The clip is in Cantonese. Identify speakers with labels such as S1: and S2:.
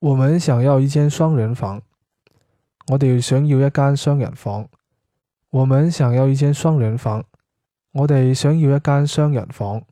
S1: 我們想要一間雙人房，我哋想要一間雙人房，我們想要一間雙人房，我哋想要一間
S2: 雙人房。